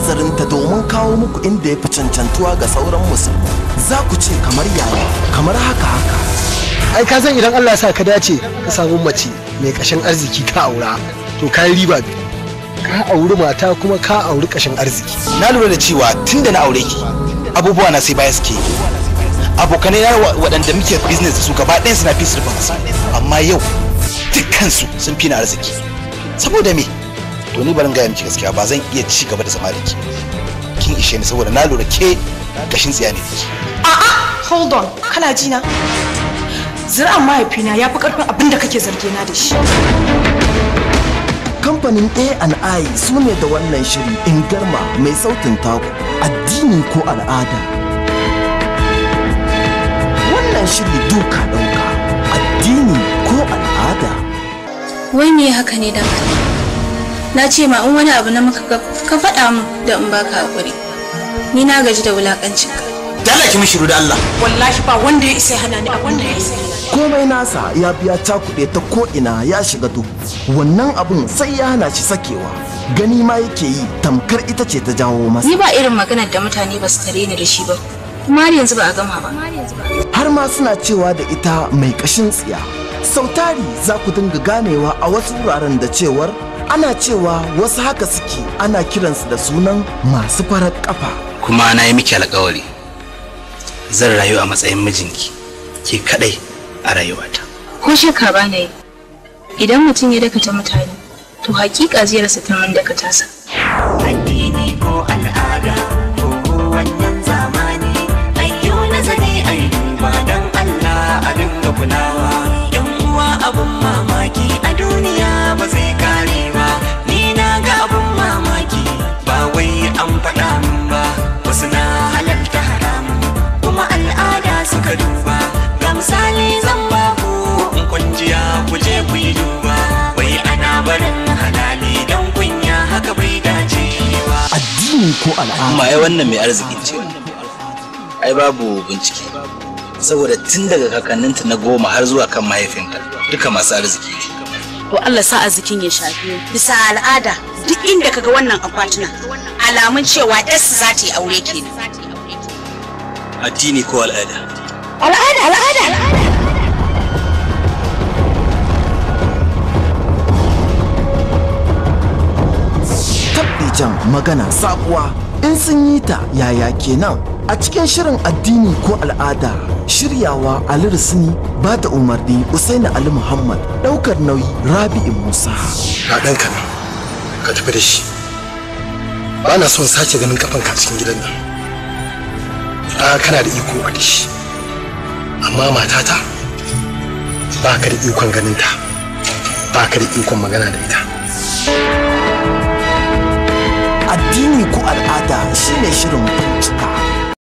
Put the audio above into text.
nazarinta domin kawo muku inda ya fi cancantuwa ga sauran musu za ku ce kamar yaya kamar haka haka ai ka san idan Allah sa ka dace ka samu mace mai kashin arziki ka aura to ka yi riba ka auri mata kuma ka auri kashin arziki na lura da cewa tunda na aure ki abubuwa na sai baya suke abokanai na waɗanda muke business da su gaba ɗayan suna fi amma yau dukkansu sun fi na arziki saboda me to ni barin gaya miki gaskiya ba zan iya ci gaba da zama da ke kin ishe ni saboda na lura ke gashin tsiya ne a'a hold on kana ji na zira'an mahaifina ya fi karfin abin da kake zarge na da shi kamfanin A&I su ne da wannan shiri in garma mai sautin taku addini ko al'ada wannan shiri duka ɗauka addini ko al'ada wai me haka ne dan na ce ma in wani abu na muka ka faɗa min da in baka hakuri ni na gaji da wulakancin ka dala ki mishi da Allah wallahi ba wanda ya isa hana ni a wanda ya isa komai nasa ya biya cakuɗe ta ko ina ya shiga duk wannan abun sai ya hana shi sakewa gani ma yake yi tamkar ita ce ta jawo masa ni ba irin maganar da mutane ba su tare ni da shi ba kuma yanzu ba a gama ba har ma suna cewa da ita mai kashin tsiya sautari za ku dinga ganewa a wasu wuraren da cewar ana cewa wasu haka suke ana kiransu da sunan masu farar kafa kuma na yi miki alkawari zan rayu a matsayin mijinki ke kadai a rayuwata ko shakka ba na yi idan mutum ya dakata mutane to hakika ziyararsa ta mun dakata sa addini aka duba ga misali zan ba ku in kunjiya ku je ku yi duba wai ana barin halali dan kunya haka bai dace ba addini ko al'ada amma ai wannan mai arzikin ce ai babu bincike saboda tun daga kakanninta na goma har zuwa kan mahaifinta duka masu arziki ne to Allah sa arzikin ya shafe bisa al'ada duk inda kaga wannan akwatuna alamun cewa yarsu za ta yi aure kenan addini ko al'ada al'ada al'ada tabbijan magana sabuwa in sun yi ta yaya kenan a cikin shirin addini ko al'ada shiryawa ali rusini ba da umarni usaini ali muhammad daukar nauyi rabi'in musa na ɗanka ne ka tafi da shi ba na son sace ganin kafanka cikin gidan nan ah, kana da iko a da shi amma matata ba ka da ikon ganinta ba ka da ikon magana da ita addini ko al'ada shine shirin bincika